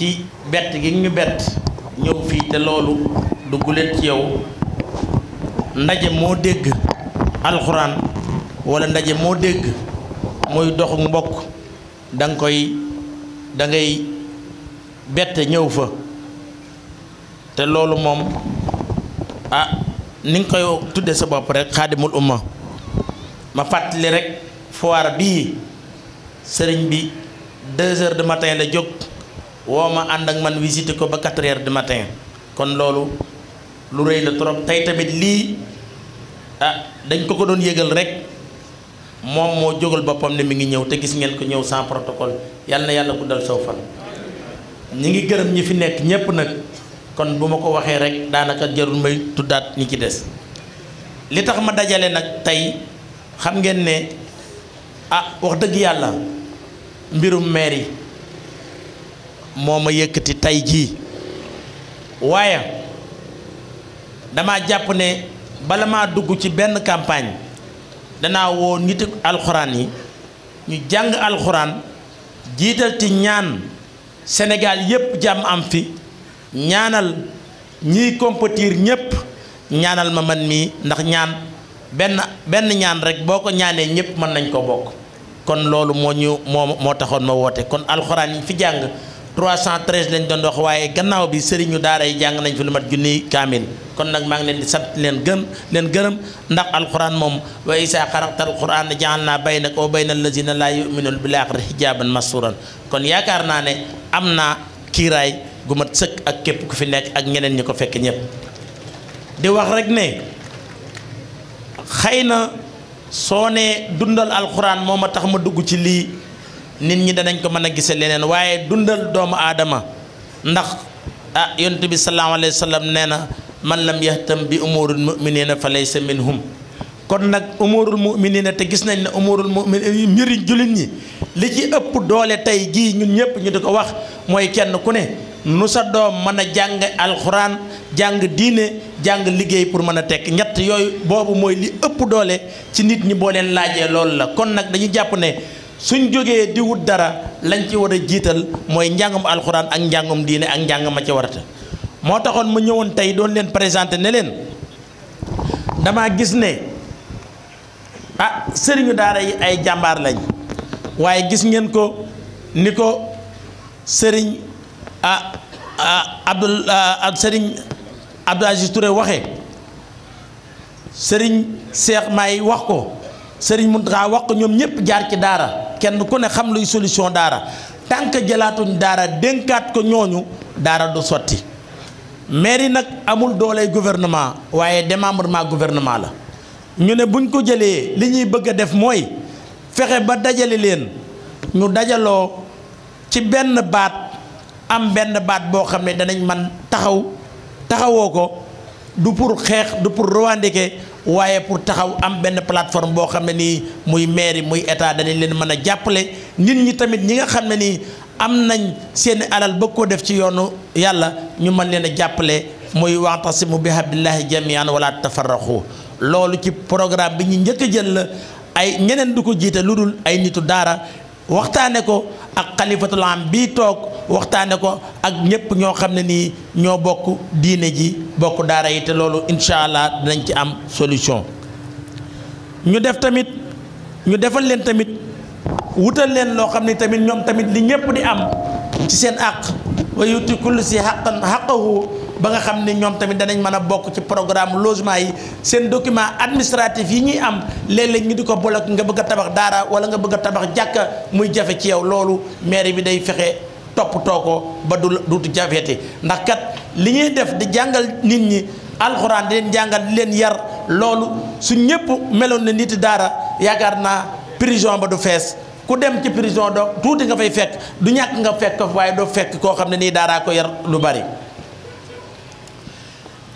ci bett gi ñu bett ñëw fii te loolu du gulet ci yow ndaje moo dégg alxuraan wala ndaje moo dégg muy doxu mbokk da koy da ngay bett ñëw fa te loolu moom ah ni nga koy tudde sa bopp rek xaadimul umma ma fàttali rek foire bii sëriñ bi deux de du matin la jóg woo ma ànd ak man visiter ko ba 4 heures du matin kon loolu lu rëy la trop tey tamit lii ah dañ ko ko doon yëgal rek moom moo jógal boppam ne mi ngi ñëw te gis ngeen ko ñëw sans protocole yàlla na yàlla dal saw fan ñi ngi gërëm ñi fi nekk ñépp nag kon bu ma ko waxee rek daanaka jarul may tuddaat ñi ci des li tax ma dajale nag tey xam ngeen ne ah wax dëgg yàlla mbirum maire yi moo ma yëkkati tey jii waaye dama jàpp ne bala maa dugg ci benn campagne danaa woo nit alxuraan yi ñu jàng alxuraan jiital ci ñaan Sénégal yépp jàmm am fi ñaanal ñiy compétir ñépp ñaanal ma man mii ndax ñaan benn benn ñaan rek boo ko ñaanee ñépp mën nañ ko bokk kon loolu moo ñu moo moo taxoon ma woote kon alxuraan yi fi jàng 313 lañ doon wax waaye gannaaw bi sëriñu daara yi jàng nañ fi lu mat junni kaamil kon nag maa ngi leen di sant leen gën leen gërëm ndax alquran moom wa isa xaraqta alquran jaal naa baynaka wa bayna allazina laa yuminuun bil aaxirati xijaaban masuuran kon yaakaar naa ne am naa kiiraay gu mat sëkk ak képp ku fi nekk ak ñeneen ñi ko fekk ñëpp di wax rek ne xëy na soo ne dundal alxuraan moom ma tax ma dugg ci lii nit ñi danañ ko mën a gise leneen waaye dundal doomu aadama ndax a ah, yonent bi sallallahu alayhi wa nee na man la yahtam bi umurul muminina fa laysa minhum kon nag umurul na te gis nañ ne umurul muminina mbiri jullit ñi li ci ëpp doole tey jii ñun ñëpp ñu di ko wax mooy kenn ku ne nu sa doom mën a jàng alxuraan jàng diine jàng liggéey pour mën a tekk ñett yooyu boobu mooy li ëpp doole ci nit ñi boo leen laajee loolu la kon nag dañu jàpp ne suñ jógee di wut dara lañ ci war a jiital mooy njàngum alxuraan ak njàngum diine ak njàng ma ci warata moo taxoon ma ñëwoon tey doon leen présenté ne leen damaa gis ne ah sëriñu daara yi ay jàmbaar lañ waaye gis ngeen ko ni ko sëriñ ah, ah Abdul ah, sëriñ Abdou Aziz Touré waxee sëriñ Cheikh May wax ko sëriñ Mountakha wax ko ñoom ñëpp jaar ci daara kenn ku ne xam luy solution daara tant que jëlaatuñ daara dénkaat ko ñooñu daara du sotti mairie nag amul doole gouvernement waaye démembrement gouvernement la ñu ne buñ ko jëlee li ñuy bëgg a def mooy fexe ba dajale leen ñu dajaloo ci benn baat am benn baat boo xam ne danañ man taxaw taxawoo ko du pour xeex du pour revendiquer waaye pour taxaw am benn plateforme boo xam ne nii muy mairie muy état danañ leen mën a jàppale nit ñi tamit ñi nga xam ne nii am nañ seeni alal bëgg koo def ci yoonu yàlla ñu mën leen a jàppale muy wa'tasimu bi hablillahi jamian wala tefaraxu loolu ci programme bi ñu njëkk a jël la ay ñeneen du ko jiite lu dul ay nitu daara waxtaane ko ak xalifatul am bii toog waxtaane ko ak ñépp ñoo xam ne nii ñoo bokk diine ji bokk daara yi te loolu incha allah dinañ ci am solution ñu def tamit ñu defal leen tamit wutal leen loo xam ne tamit ñoom tamit li ñépp di am ci seen àq wa yuti kullu si xaqan xaqahu ba nga xam ne ñoom tamit danañ mën a bokk ci programme logement yi seen document administratif yi ñuy am léeg-léeg di ko bolok nga bëgg a tabax daara wala nga bëgg a tabax jàkka muy jafe ci yow loolu maire bi day fexe toppatoo ko ba du du jafeeti ndax kat li ñuy def di jàngal nit ñi alxuraan di leen jàngal di leen yar loolu su ñëpp meloon na nit daara yaakaar naa prison ba du fees ku dem ci prison doo tuuti nga fay fekk du ñàkk nga fekk waaye doo fekk koo xam ne nii daaraa ko yar lu bari.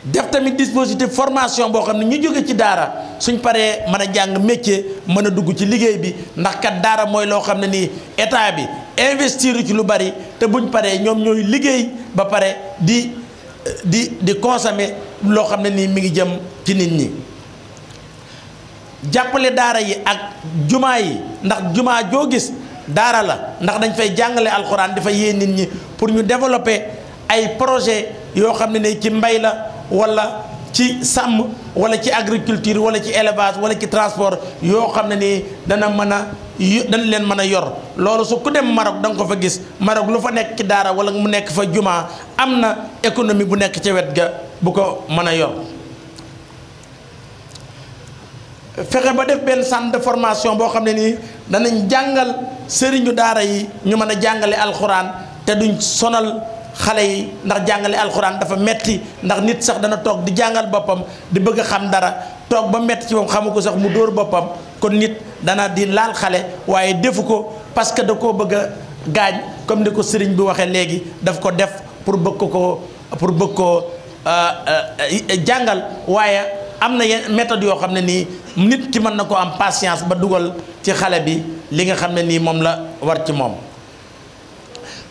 def tamit dispositif formation boo xam ne ñu jóge ci daara suñ paree mën a jàng métier mën a dugg ci liggéey bi ndax kat daara mooy loo xam ne nii état bi investir ci lu bari te buñ paree ñoom ñooy liggéey ba pare di di di consommer loo xam ne nii mi ngi jëm ci nit ñi jàppale daara yi ak jumaa yi ndax jumaa joo gis daara la ndax dañ fay jàngale alxuraan dafa fa nit ñi pour ñu développer ay projet yoo xam ne nii ci mbay la wala ci sàmm wala ci agriculture wala ci élevage wala ci transport yoo xam ne nii dana mën a dañ leen mën a yor loolu su ku dem Maroc da nga ko fa gis Maroc lu fa nekk ci daara wala mu nekk fa jumaa am na économie bu nekk ca wet ga bu ko mën a yor fexe ba def benn centre de formation boo xam ne nii danañ jàngal sëriñu daara yi ñu mën a jàngale alxuraan te duñ sonal xale yi ndax jàngale alxuraan dafa metti ndax nit sax dana toog di jàngal boppam di bëgg a xam dara toog ba metti ci moom xamu ko sax mu dóor boppam kon nit dana di laal xale waaye defu ko parce que da koo bëgg a gaañ comme ni ko sëriñ bi waxee léegi daf ko def pour bëgg ko pour bëgg ko euh, euh, jàngal waaye am na yenn yoo xam ne nii nit ki mën na ko am patience ba dugal ci xale bi li nga xam ne nii moom la war ci moom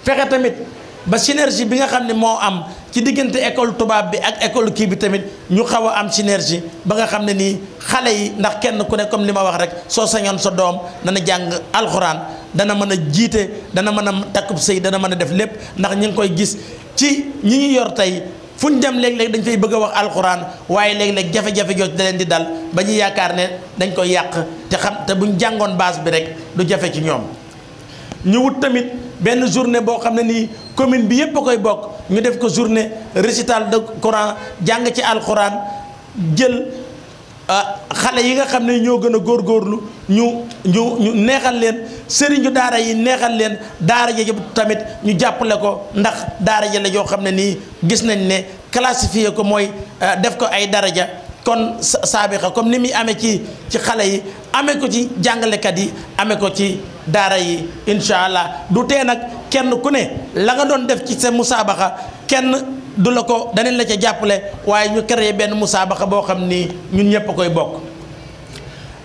fexe tamit. ba synergie bi nga xam ne moo am ci diggante école tubaab bi ak école kii bi tamit ñu xaw a am synergie ba nga xam ne nii xale yi ndax kenn ku ne comme li ma wax rek soo sañoon sa doom dana jàng alxuraan dana mën a jiite dana mën a takkub sëy dana mën a def lépp ndax ñu ngi koy gis ci ñi ñu yor tey fu ñu dem léeg-léeg dañ fay bëgg a wax alxuraan waaye léeg-léeg jafe-jafe jooju da leen di dal ba ñu yaakaar ne dañ koy yàq te xam te buñ jàngoon base bi rek du jafe ci ñoom ñu wut tamit. benn journée boo xam ne nii commune bi yëpp koy bokk ñu def ko journée récital de Coran jàng ci alxuraan jël euh, xale yi nga xam ne ñoo gën a góorgóorlu ñu ñu ñu neexal leen sëriñu daara yi neexal leen daara ja tamit ñu jàppale ko ndax daara ja la yoo xam ne nii gis nañ ne classifié ko mooy euh, def ko ay daraja kon saabixa comme ni muy amee ci ci xale yi amee ko ci jàngalekat yi amee ko ci daara yi incha allah du tee nag kenn ku ne la nga doon def ci sa musaabaxa kenn du la ko danañ la ca jàppale waaye ñu créé benn musaabaxa boo xam ni ñun ñëpp koy bokk.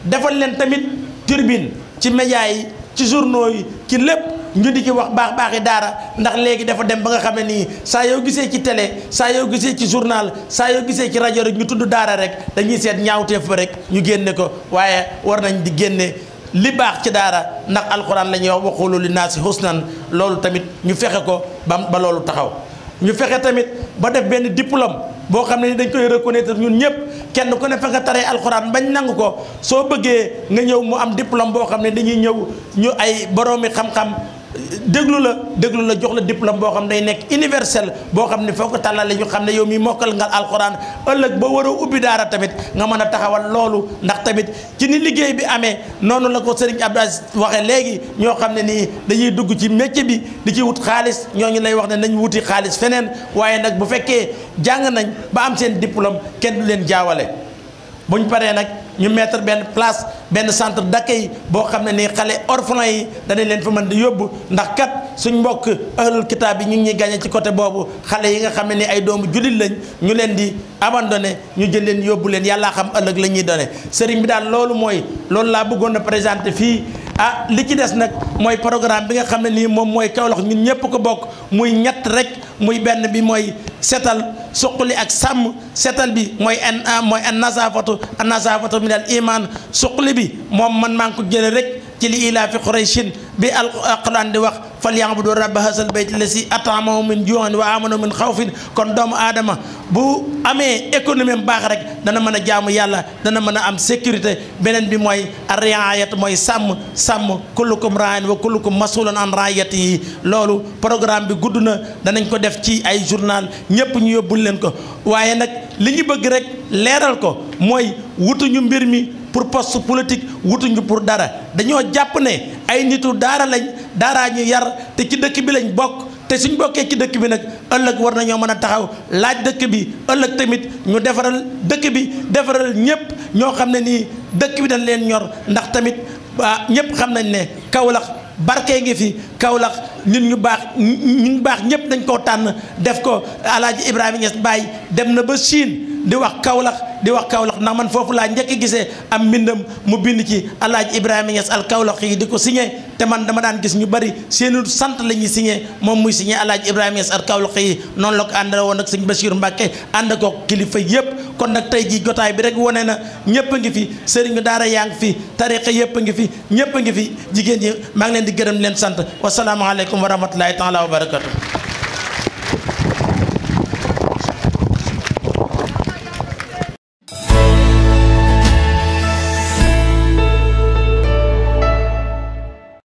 defal leen tamit turbine ci média yi ci journaux yi ci lépp. ñu di ci wax baax baaxi daara ndax léegi dafa dem ba nga xam ne nii saa yoo gisee ci télé saa yoo gisee ci journal saa yoo gisee ci rajo rek ñu tudd daara rek dañuy seet ñaawteef ba rek ñu génne ko waaye war nañ di génne. li baax ci daara ndax alxuraan la ñuy wax naa si naasi husnan loolu tamit ñu fexe ko ba ba loolu taxaw ñu fexe tamit ba def benn diplôme boo xam ne dañ koy reconnaître ñun ñëpp kenn ku ne fa nga taree alxuraan bañ nangu ko soo bëggee nga ñëw mu am diplôme boo xam ne dañuy ñëw ñu ay boroomi xam-xam déglu la déglu la jox la diplôme boo xam ne day nekk universel boo xam ne foo ko tàllale ñu xam ne yow mi mokkal nga alxuraan ëllëg boo war a ubbi daara tamit nga mën a taxawal loolu ndax tamit ci ni liggéey bi amee noonu la ko Serigne Abdou waxee léegi ñoo xam ne nii dañuy dugg ci métier bi di ci wut xaalis ñoo ñooñu lay wax ne nañu wuti xaalis feneen waaye nag bu fekkee jàng nañ ba am seen diplôme kenn du leen jaawale buñ paree nag. ñu mettre benn place benn centre d'accueil boo xam ne ni xale orphelin yi danañ leen fa mën di yóbbu ndax kat suñ mbokk ahlul kitaab yi ñu ngi ñuy gagné ci coté boobu xale yi nga xam ne ni ay doomu jullit lañ ñu leen di abandonné ñu jël leen yóbbu leen yàllaa xam ëllëg la ñuy done sëriñ bi daal loolu mooy loolu laa bëggoon a fii ah li ci des nag mooy programme bi nga xam ne nii moom mooy Kaolack ñun ñëpp ko bokk muy ñett rek muy benn bi mooy setal suqali ak sàmm setal bi mooy an mooy an nasaafatu an nasaafatu min al iman bi moom man maa ko jële rek ci li ilaa fi Qurayshin bi alquran di wax bu falyabudu rabba hasal bayt lasi atamahu min juuxan wa amanahu min xawfin kon doomu aadama bu amee économie am baax rek dana mën a jàmm yàlla dana mën a am sécurité beneen bi mooy riayat mooy sàmm sàmm kullukum raayin wa kullukum masulan an raayatihi loolu programme bi gudd na danañ ko def ci ay journal ñépp ñu yóbbul leen ko waaye nag li ñu bëgg rek leeral ko mooy wutuñu mbir mi pour post politique wutuñu pour dara dañoo jàpp ne ay nitu daara lañ daaraa ñu yar te ci dëkk bi lañ bokk te suñ bokkee ci dëkk bi nag ëllëg war nañoo mën a taxaw laaj dëkk bi ëllëg tamit ñu defaral dëkk bi defaral ñëpp ñoo xam ne nii dëkk bi dañ leen ñor ndax tamit ah, ñëpp xam nañ ne Kaolack barkee ngi fi Kaolack nit ñu baax ñu baax ñëpp dañ koo tànn def ko Alaaji Ibrahima Niass Baye dem na ba Chine. di wax Kaolack di wax Kaolack ndax man foofu laa njëkk gisee am mbindam mu bind ci El Hadj Ibrahima Niass al Kaolack yi di ko signé te man dama daan gis ñu bari seenu sant la ñuy signé moom muy signé Alaaji Ibrahima Sarr Kawlax yi noonu la ko àndal woon ak sëñ Bachir Mbacke ànd ko kilifa yëpp kon nag tey jii jotaay bi rek wane na ñëpp a ngi fi sëriñu daara yaa ngi fi tariqa yëpp a ngi fi ñëpp ngi fi jigéen ñi maa ngi leen di gërëm leen sant wasalaamaaleykum wa rahmatulahi taala wa barakatu